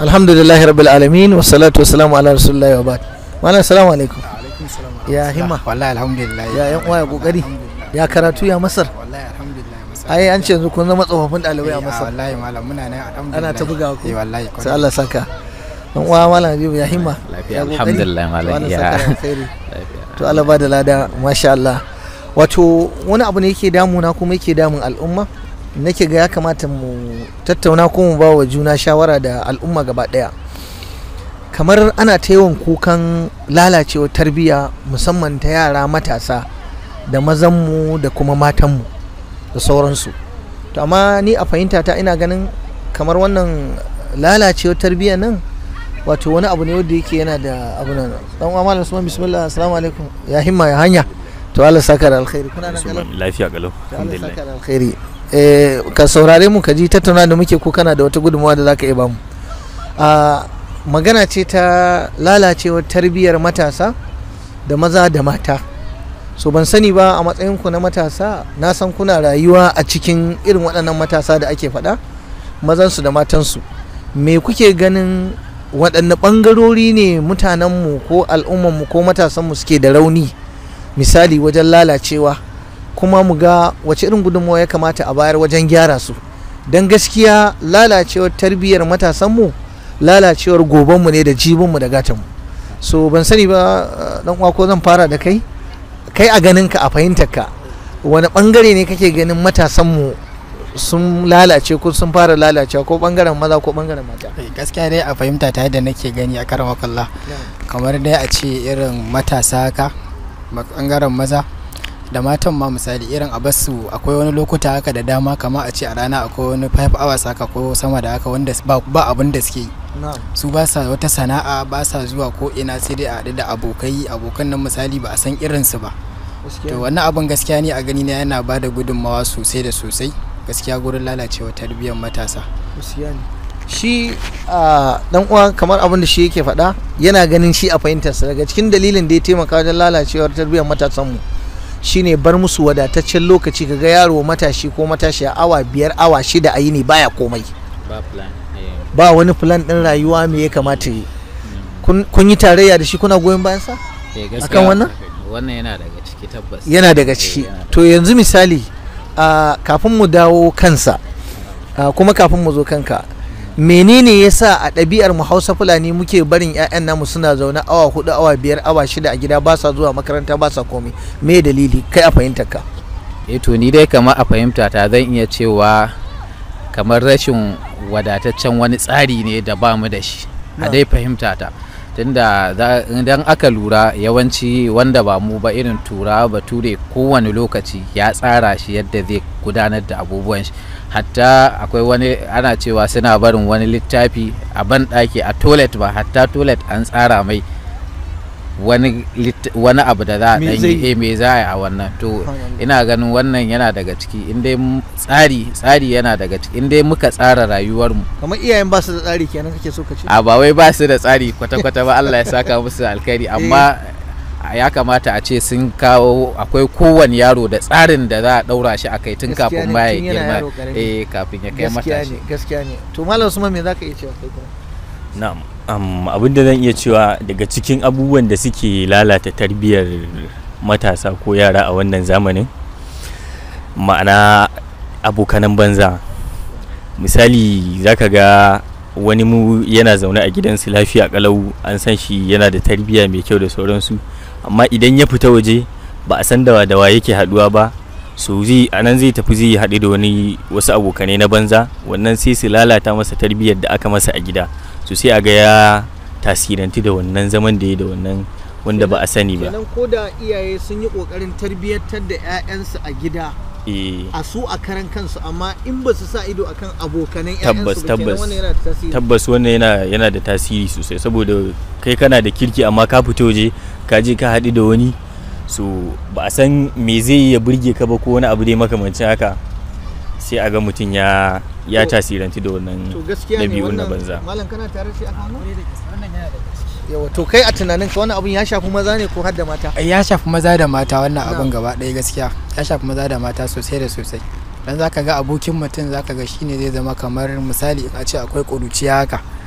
alhamdulillahi rabbil alamin wa salatu wa salamu ala rasulullahi wa ba'd malam assalamu alaikum ya hima wallahi alhamdulillahi ya yan uwa ya kokari ya karatu ya masar wallahi alhamdulillah ai an ce yanzu kun zama tsofaffin dalibai a masar wallahi malam muna nan alhamdulillahi ana ta buga ku eh wallahi sai Allah saka dan uwa malam Habibu ya hima alhamdulillahi malam ya to Allah ba da lada masha Allah wato wani abu ne yake damuna kuma yake damun al'umma nake ga ya kamata mu tattauna ko mu ba wa juna shawara da al'umma gaba ɗaya kamar ana ta yawan kukan lalacewa tarbiyya musamman ta yara matasa da mazanmu da kuma matanmu da sauransu to amma ni a fahimta ta ina ganin kamar wannan lalacewar tarbiyya nan wato wani abu ne wanda yake yana da abu nan dan uwa malam bismillah assalamu alaikum ya himma ya hanya to Allah saka da alkhairi kuna nan lafiya galo alhamdulillah saka da alkhairi eh ka saurare mu ka ji tattauna da muke ko kana da wata gudunmawa da zaka iya bamu a magana ce ta lalacewar tarbiyyar matasa da maza da mata so ban sani ba a matsayin ku na matasa na san kuna rayuwa a cikin irin waɗannan matasa da ake faɗa mazansu da matansu me kuke ganin waɗanne ɓangarori ne mutanenmu ko al'ummanmu ko matasanmu suke da rauni misali wajen lalacewa kuma mu ga wace irin gudunmawa ya kamata a bayar wajen gyara su don gaskiya lalacewar tarbiyyar matasanmu lalacewar gobanmu ne da jibinmu da gatanmu so ban sani ba dan eh, uwa ko zan fara da kai kai a ganinka a fahimtarka wani bangare ne kake ganin matasanmu sun lalace ko sun fara lalacewa ko bangaren maza ko bangaren mata eh, gaskiya dai a fahimta ta yadda nake gani a karan kamar dai a ce irin matasa ka bangaren maza da matan ma misali irin a basu akwai wani lokuta haka da dama kama a ce a rana akwai wani 5 hours haka ko sama da haka wanda ba abin da suke yi su ba sa wata sana'a ba sa zuwa ko ina sai dai a haɗu da abokai abokan nan misali ba a san irinsu ba to wannan abin gaskiya ne a gani na yana ba da gudunmawa sosai da sosai gaskiya gurin lalacewa tarbiyyar matasa shi dan uwa kamar abin da shi yake faɗa yana ganin shi a fahimtarsa daga cikin dalilin da ya taimaka wajen lalacewar tarbiyyar matasanmu shine bar musu wadataccen lokaci kaga yaro matashi ko matashi a awa biyar awa shida a yi ne baya komai eh. ba wani plan ɗin rayuwa me ya kamata yi kun yi tarayya da shi kuna goyon bayan sa eh, akan wannan wannan yana daga ciki tabbas yana daga ciki eh, to yanzu misali kafin mu dawo kansa kuma kafin mu zo kanka menene ya sa a ɗabi'ar mu Hausa Fulani muke barin 'ya'yan namu suna zaune awa hudu awa biyar awa shida a gida ba sa zuwa makaranta ba sa komai me dalili kai a fahimta ka e to ni dai kamar a fahimta ta zan iya cewa kamar rashin wadataccen wani tsari ne da ba mu da shi a dai fahimta ta tunda idan aka lura yawanci wanda ba mu ba irin tura bature kowane lokaci ya tsara shi yadda zai gudanar da abubuwan shi hatta akwai wani ana cewa suna barin wani littafi a ban a toilet ba hatta toilet an tsara mai wani wani abu da za a dan yi eh, me za a yi a wannan to ina ganin wannan yana daga ciki in dai tsari tsari yana daga ciki in dai muka tsara rayuwar mu kamar iyayen ba su da tsari kenan kake so ka ce a ba wai ba su da tsari kwata kwata ba Allah ya saka musu alkhairi eh. amma ya kamata a ce sun kawo akwai kowane yaro da tsarin da za a daura shi a kai tun kafin ba ya girma eh kafin ya kai matashi gaskiya ne to malam Usman me zaka iya cewa kai kuma na'am abin da zan iya cewa daga cikin abubuwan da suke lalata tarbiyyar matasa ko yara a wannan zamanin ma'ana abokanan banza misali zaka ga wani mu yana zaune a gidansu lafiya kalau an san shi yana da tarbiyya mai kyau da sauransu amma idan ya fita waje ba a san dawa dawa yake haduwa ba so zai anan zai tafi zai haɗu da wani wasu abokanai na banza wannan sai su lalata masa tarbiyyar da aka masa a gida to sai a ga ya tasirantu da wannan zaman da ya da wannan wanda ba a sani ba kenan ko da iyaye sun yi kokarin tarbiyyantar da ƴaƴansu a gida eh. a su a karan kansu amma in ba su sa ido akan abokanan tabbas tabbas tabbas wannan yana yana da tasiri sosai saboda kai kana da kirki amma ka fito waje ka je ka haɗu da wani so ba a san me zai ya burge ka ba ko wani abu dai makamancin haka sai a ga mutum ya ya tasiranti da wannan ɗabi'un na banza malam kana tare shi a hannu yawa to kai a tunanin ka wannan abun ya shafi maza ne ko har da mata ya shafi maza da mata wannan abun gaba ɗaya gaskiya ya shafi maza da mata sosai da sosai dan zaka ga abokin mutum zaka ga shine zai zama kamar misali a ce akwai ƙuruciya haka